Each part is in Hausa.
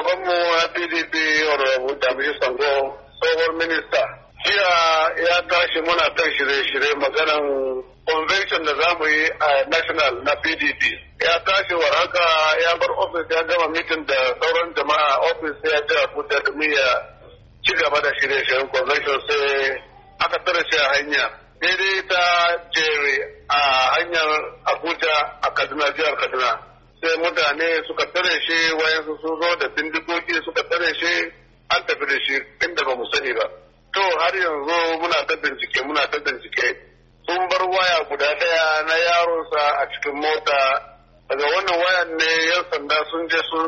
mu na pdp honorable jami'in sango tsohon minista jiya ya tashi muna kan shirye-shirye maganan convention da za mu yi a national na pdp ya tashi war haka ya bar ofis ya gama meeting da sauran jama'a ofis ya jira kuta domin ya ci gaba da shirye-shiryen convention sai aka tare shi a hanya daidai ta jere a hanyar abuja a kaduna jihar kaduna sai mutane suka tare shi wayansu sun zo da bindigogi suka tare shi an tafi da shi inda ba mu sani ba to har yanzu muna ta bincike muna ta bincike sun bar waya guda daya na yaronsa a cikin mota daga wannan wayan ne yan sanda sun je sun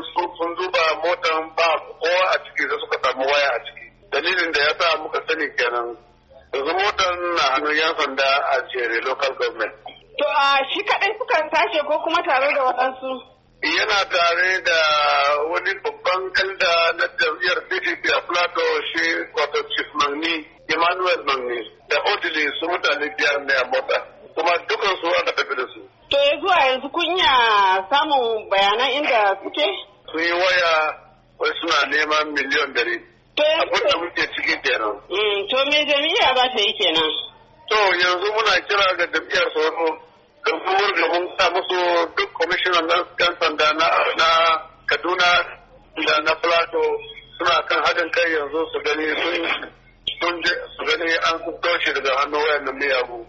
zuba motan ba kowa a ciki da suka samu waya a ciki dalilin da ya sa muka sani kenan yanzu motan na hannun yan sanda a jere local government A shi kaɗai sukan tashi ko kuma tare da waɗansu? Yana tare da wani babban kalda na jam'iyyar PDP a Plato shi wato Chief Magni, Emmanuel Magni, da Odile su mutane biyar ne a mota. Kuma dukan su aka tafi da su. To ya zuwa yanzu kunya samun bayanan inda suke? Sun yi waya wai suna neman miliyon dari. To yanzu. Abin muke ciki kenan. Mm, to me ta yi kenan? To yanzu muna kira ga jam'iyyar tsoro duk buwar da mun sa musu duk kwamishinan na yan sanda na kaduna da na plato suna kan haɗin kai yanzu su gani sun su gani an kuɗo daga hannun wayan miyagu.